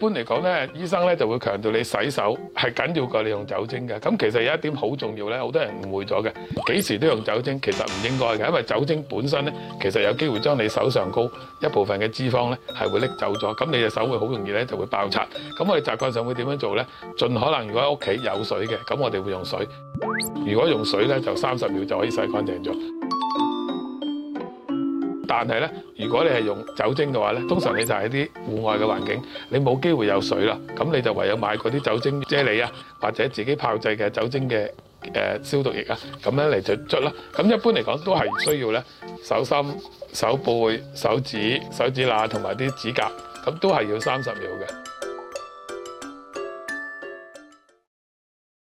一般嚟講咧，醫生咧就會強調你洗手係緊要過你用酒精嘅。咁其實有一點好重要咧，好多人誤會咗嘅。幾時都用酒精，其實唔應該嘅，因為酒精本身咧，其實有機會將你手上高一部分嘅脂肪咧，係會拎走咗。咁你隻手會好容易咧就會爆擦。咁我哋習慣上會點樣做咧？盡可能如果喺屋企有水嘅，咁我哋會用水。如果用水咧，就三十秒就可以洗乾淨咗。但係咧，如果你係用酒精嘅話咧，通常你就係啲戶外嘅環境，你冇機會有水啦，咁你就唯有買嗰啲酒精啫喱啊，或者自己炮製嘅酒精嘅、呃、消毒液啊，咁樣嚟捽捽啦。咁一般嚟講都係需要咧手心、手背、手指、手指罅同埋啲指甲，咁都係要三十秒嘅。